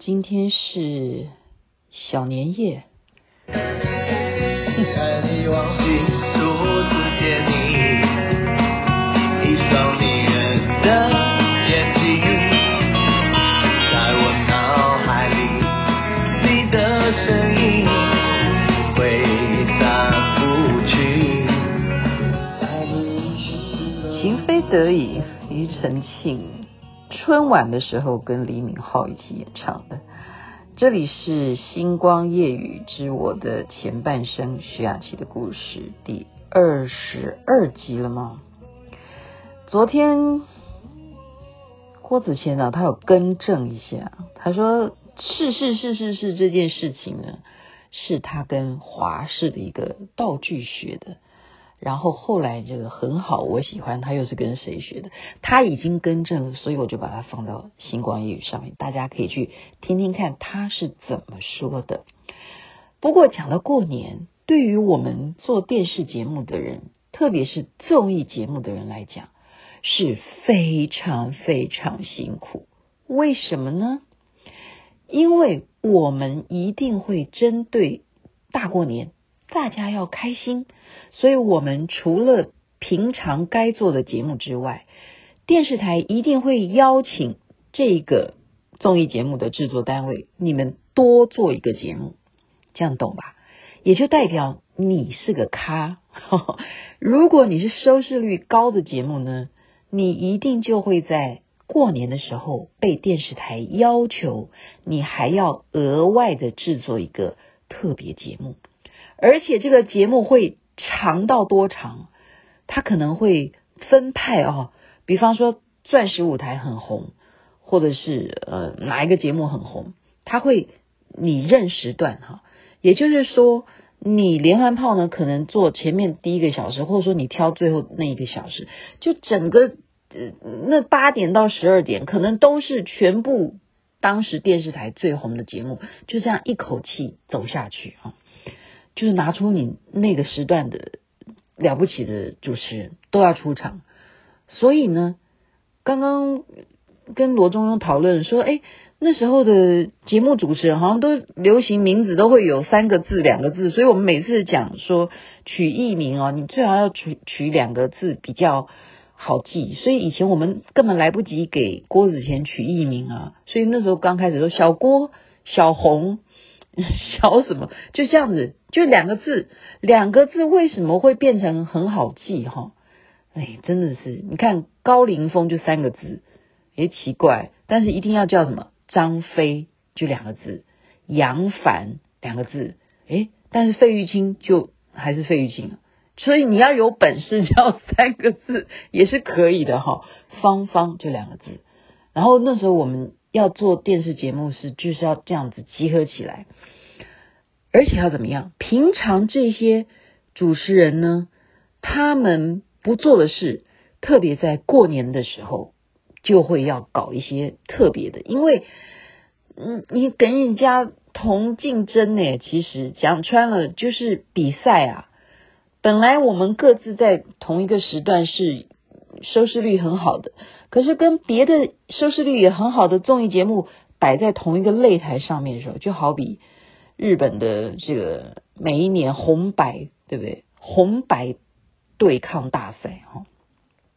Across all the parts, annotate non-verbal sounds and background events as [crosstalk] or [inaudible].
今天是小年夜。哎、一情非得已，庾澄慶。春晚的時候跟李敏鎬一起演唱的。這裡是《星光夜語之我的前半生》徐雅琪的故事第二十二集了嗎？昨天郭子謙呢、啊，他有更正一下，他說是是是是是這件事情呢，是他跟華視的一個道具學的。然後後來這個很好，我喜歡他，又是跟誰學的？他已經更正了，所以我就把它放到《星光夜語》上面，大家可以去聽聽看他是怎麼說的。不過講到過年，對於我們做電視節目的人，特別是綜藝節目的人來講，是非常非常辛苦。為什麼呢？因為我們一定會針對大過年。大家要開心，所以我們除了平常該做的節目之外，電視台一定會邀請這個綜藝節目的制作單位，你們多做一個節目，這樣懂吧？也就代表你是個咖。呵呵，如果你是收視率高的節目呢，你一定就會在過年的時候被電視台要求，你還要額外的制作一個特別節目。而且這個節目會長到多長？它可能會分派哦、啊。比方說《鑽石舞台》很紅，或者是呃哪一個節目很紅，它會你認時段哈、啊，也就是說你連環炮呢，可能做前面第一個小時，或者說你挑最後那一個小時，就整個呃那八點到十二點，可能都是全部當時電視台最紅的節目，就這樣一口氣走下去啊。就是拿出你那個時段的了不起的主持人都要出場，所以呢，剛剛跟羅中庸討論說，哎，那時候的節目主持人好像都流行名字都會有三個字、兩個字，所以我們每次講說取藝名哦，你最好要取取兩個字比較好記，所以以前我們根本來不及給郭子乾取藝名啊，所以那時候剛開始說小郭、小紅。 [laughs] 小什麼？就這樣子，就兩個字，兩個字為什麼會變成很好記哈、哦？哎、欸，真的是，你看高凌風就三個字，也、欸、奇怪，但是一定要叫什麼張菲就兩個字，楊凡兩個字，哎、欸，但是費玉清就還是費玉清，所以你要有本事叫三個字也是可以的哈、哦，芳芳就兩個字，然後那時候我們。要做電視節目是，就是要這樣子集合起來，而且要怎麼樣？平常這些主持人呢，他們不做的事，特別在過年的時候，就會要搞一些特別的，因為，嗯，你跟人家同競爭呢，其實講穿了就是比賽啊。本來我們各自在同一個時段是。收視率很好的，可是跟別的收視率也很好的綜藝節目擺在同一個擂台上面的時候，就好比日本的這個每一年紅白，對不對？紅白對抗大賽哈，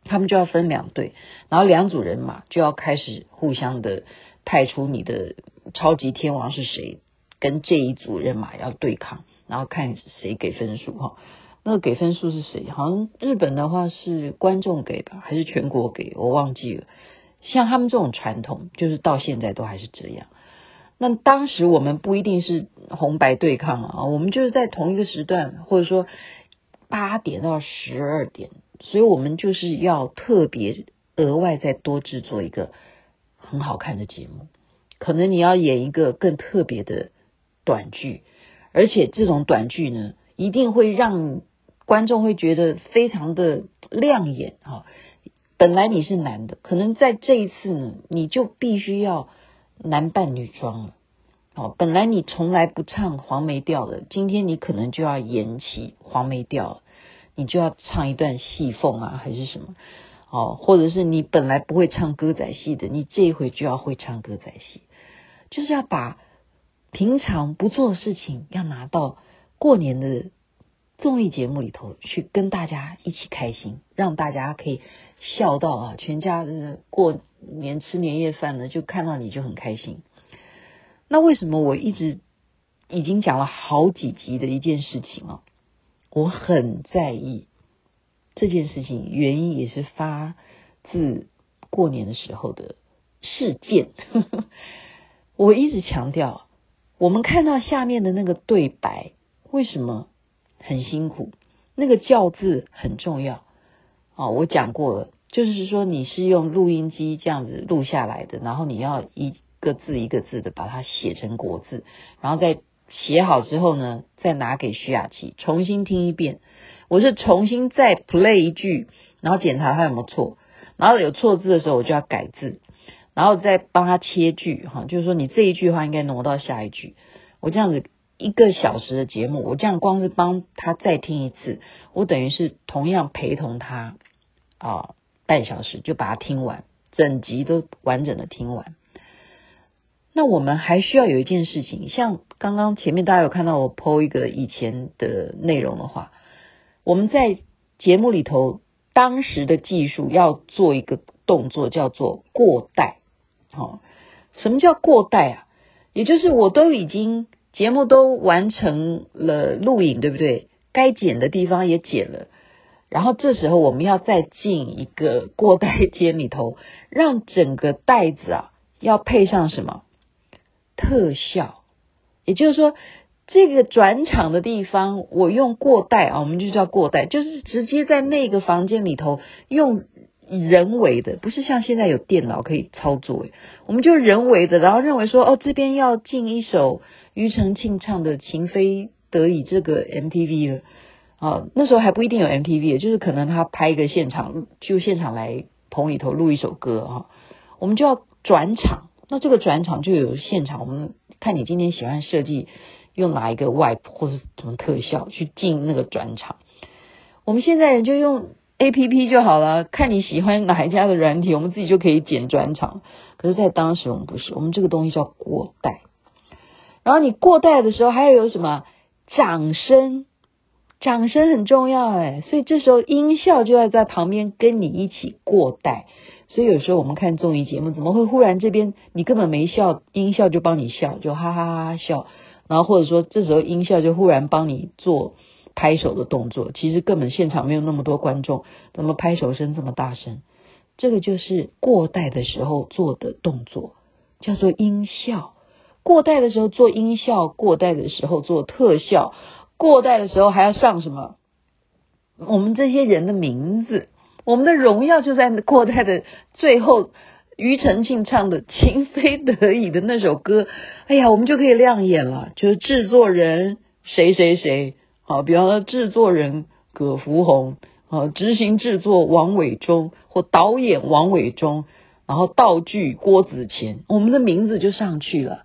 他們就要分兩隊，然後兩組人馬就要開始互相的派出你的超級天王是誰，跟這一組人馬要對抗，然後看誰給分數哈。那個給分數是誰？好像日本的話是觀眾給吧，還是全國給？我忘記了。像他們這種傳統，就是到現在都還是這樣。那當時我們不一定是紅白對抗啊，我們就是在同一個時段，或者說八點到十二點，所以我們就是要特別額外再多製作一個很好看的節目。可能你要演一個更特別的短劇，而且這種短劇呢，一定會讓。觀眾會覺得非常的亮眼，哈、哦，本來你是男的，可能在這一次呢，你就必須要男扮女裝了。哦，本來你從來不唱黃梅調的，今天你可能就要演起黃梅調，你就要唱一段戲鳳啊，還是什麼？哦，或者是你本來不會唱歌仔戲的，你這一回就要會唱歌仔戲，就是要把平常不做的事情，要拿到過年的。綜藝節目裡頭去跟大家一起開心，讓大家可以笑到啊！全家的過年吃年夜飯呢，就看到你就很開心。那為什麼我一直已經講了好幾集的一件事情了、啊、我很在意這件事情，原因也是發自過年的時候的事件。 [laughs] 我一直強調，我們看到下面的那個對白，為什麼？很辛苦，那個校字很重要啊，哦，我講過了，就是說你是用錄音機這樣子錄下來的，然後你要一個字一個字的把它寫成國字，然後再寫好之後呢，再拿給徐雅琪重新聽一遍。我是重新再 play 一句，然後檢查他有沒有錯，然後有錯字的時候我就要改字，然後再幫他切句哈，就是說你這一句話應該挪到下一句，我這樣子。一個小時的節目，我這樣光是幫他再聽一次，我等於是同樣陪同他啊、哦，半小時就把它聽完，整集都完整的聽完。那我們還需要有一件事情，像剛剛前面大家有看到我拋一個以前的內容的話，我們在節目裡頭當時的技術要做一個動作叫做過帶，好、哦，什麼叫過帶啊？也就是我都已經。節目都完成了錄影，對不對？該剪的地方也剪了，然後這時候我們要再進一個過帶間裡頭，讓整個帶子啊要配上什麼特效？也就是說，這個轉場的地方，我用過帶啊，我們就叫過帶，就是直接在那個房間裡頭用人為的，不是像現在有電腦可以操作欸，我們就人為的，然後認為說，哦，這邊要進一首，庾澄慶唱的《情非得已》這個 MTV 了啊，那時候還不一定有 MTV，就是可能他拍一個現場，就現場來棚裡頭錄一首歌哈、啊，我們就要轉場，那這個轉場就有現場，我們看你今天喜歡設計用哪一個 wipe 或者什麼特效去進那個轉場，我們現在就用 APP 就好了，看你喜歡哪一家的軟體，我們自己就可以剪轉場。可是，在當時我們不是，我們這個東西叫過帶。然後你過帶的時候還要有，有什麼？掌聲、掌聲很重要哎，所以這時候音效就要在旁邊跟你一起過帶。所以有時候我們看綜藝節目，怎麼會忽然這邊你根本沒笑，音效就幫你笑，就哈哈哈哈笑。然後或者說這時候音效就忽然幫你做拍手的動作，其實根本現場沒有那麼多觀眾，怎麼拍手聲這麼大聲？這個就是過帶的時候做的動作，叫做音效。過帶的時候做音效，過帶的時候做特效，過帶的時候還要上什麼？我們這些人的名字，我們的榮耀就在過帶的最後，庾澄慶唱的《情非得已》的那首歌，哎呀，我們就可以亮眼了。就是製作人誰誰誰，好、啊，比方說製作人葛福鴻，好、啊，執行製作王偉忠或導演王偉忠，然後道具郭子乾，我們的名字就上去了。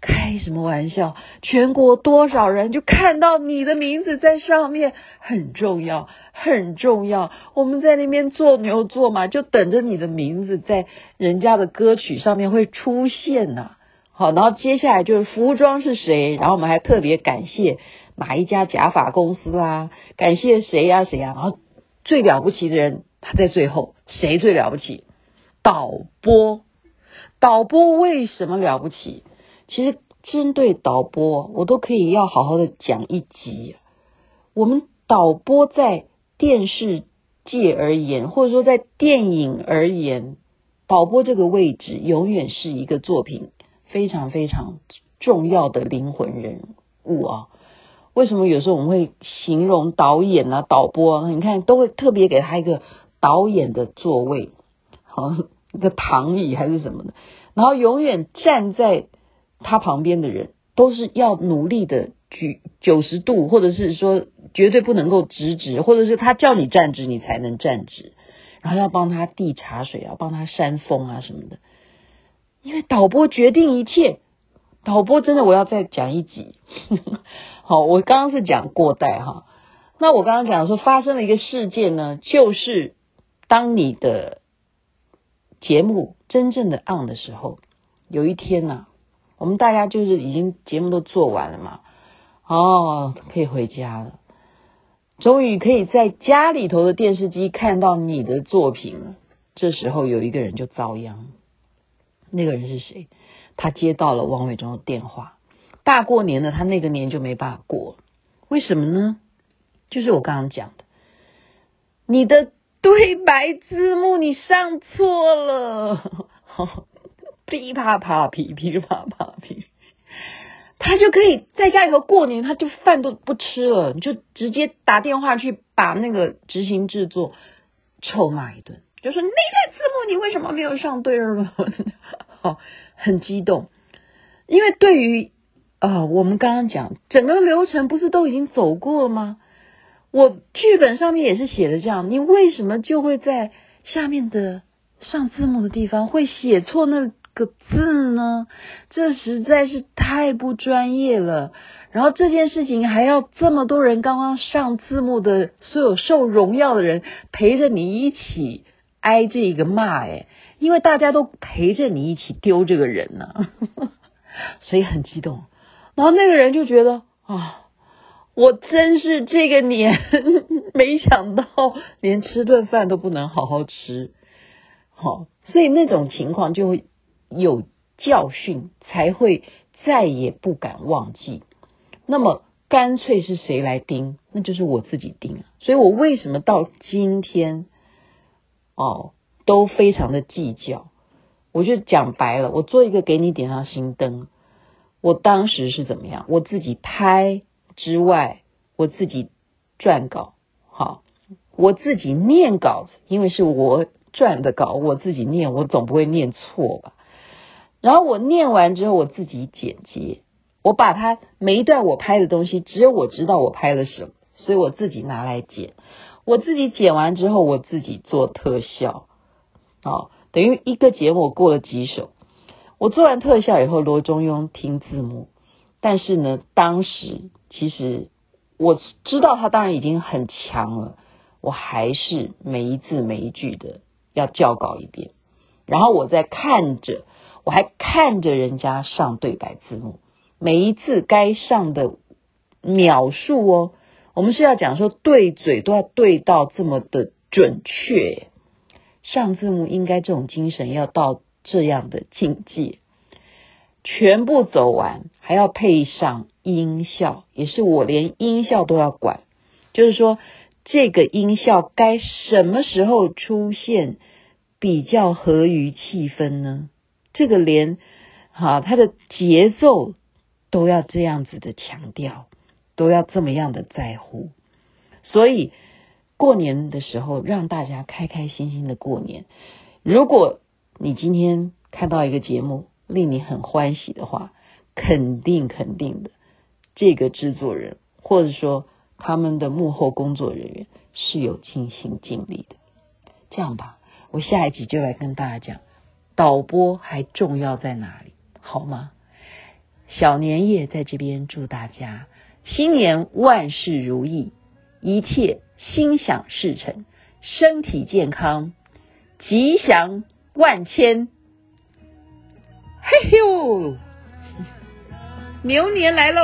開什麼玩笑？全國多少人就看到你的名字在上面，很重要，很重要。我們在那邊做牛做馬，就等着你的名字在人家的歌曲上面會出現吶、啊。好，然後接下來就是服裝是誰，然後我們還特別感謝哪一家假髮公司啊，感謝誰呀、啊、誰呀、啊。然後最了不起的人他在最後，誰最了不起？導播，導播為什麼了不起？其實針對導播，我都可以要好好的講一集。我們導播在電視界而言，或者說在電影而言，導播這個位置永遠是一個作品非常非常重要的靈魂人物啊。為什麼有時候我們會形容導演啊、導播啊？你看都會特別給他一個導演的座位，好，一個躺椅還是什麼的，然後永遠站在。他旁邊的人都是要努力的舉九十度，或者是說絕對不能夠直直，或者是他叫你站直，你才能站直。然後要幫他遞茶水啊，幫他扇風啊什麼的。因為導播決定一切，導播真的我要再講一集。 [laughs] 好，我剛剛是講過帶哈。那我剛剛講說發生了一個事件呢，就是當你的節目真正的 on 的時候，有一天啊。我們大家就是已經節目都做完了嘛，哦、oh，可以回家了，終於可以在家裡頭的電視機看到你的作品了。這時候有一個人就遭殃，那個人是誰？他接到了王偉忠的電話。大過年的，他那個年就沒辦法過。為什麼呢？就是我剛剛講的，你的對白字幕你上錯了。 [laughs] 噼啪啪噼噼啪啪噼，他就可以在家裡頭過年，他就飯都不吃了，你就直接打電話去把那個執行制作臭罵一頓，就說你在字幕，你為什麼沒有上對了？好，很激動，因為對於啊，我們剛剛講整個流程不是都已經走過了嗎？我劇本上面也是寫的這樣，你為什麼就會在下面的上字幕的地方會寫錯那？這個字呢？這實在是太不專業了。然後這件事情還要這麼多人，剛剛上字幕的所有受榮耀的人陪着你一起挨這個罵誒，因為大家都陪着你一起丟這個人呢、啊， [laughs] 所以很激動。然後那個人就覺得啊，我真是這個年，沒想到連吃頓飯都不能好好吃。好，所以那種情況就會。有教訓，才會再也不敢忘記。那麼，乾脆是誰來盯？那就是我自己盯啊。所以，我為什麼到今天，哦，都非常的計較？我就講白了，我做一個給你點上心燈。我當時是怎麼樣？我自己拍之外，我自己撰稿，好，我自己念稿，因為是我撰的稿，我自己念，我總不會念錯吧？然後我念完之後，我自己剪輯，我把它每一段我拍的東西，只有我知道我拍了什麼，所以我自己拿來剪。我自己剪完之後，我自己做特效，哦，等於一個節目我過了幾手，我做完特效以後，羅中庸聽字幕，但是呢，當時其實我知道他當然已經很強了，我還是每一字每一句的要校稿一遍，然後我在看着。我還看着人家上對白字幕，每一次該上的秒數哦。我們是要講說對嘴都要對到這麼的準確，上字幕應該這種精神要到這樣的境界，全部走完還要配上音效，也是我連音效都要管，就是說這個音效該什麼時候出現比較合於氣氛呢？這個連哈，他、啊、的節奏都要這樣子的強調，都要這麼樣的在乎。所以過年的時候，讓大家開開心心的過年。如果你今天看到一個節目，令你很歡喜的話，肯定肯定的，這個制作人或者說他們的幕後工作人員是有盡心盡力的。這樣吧，我下一集就來跟大家講。導播還重要在哪裡？好嗎？小年夜在這邊祝大家新年萬事如意，一切心想事成，身體健康，吉祥萬千。嘿喲，牛年來嘍！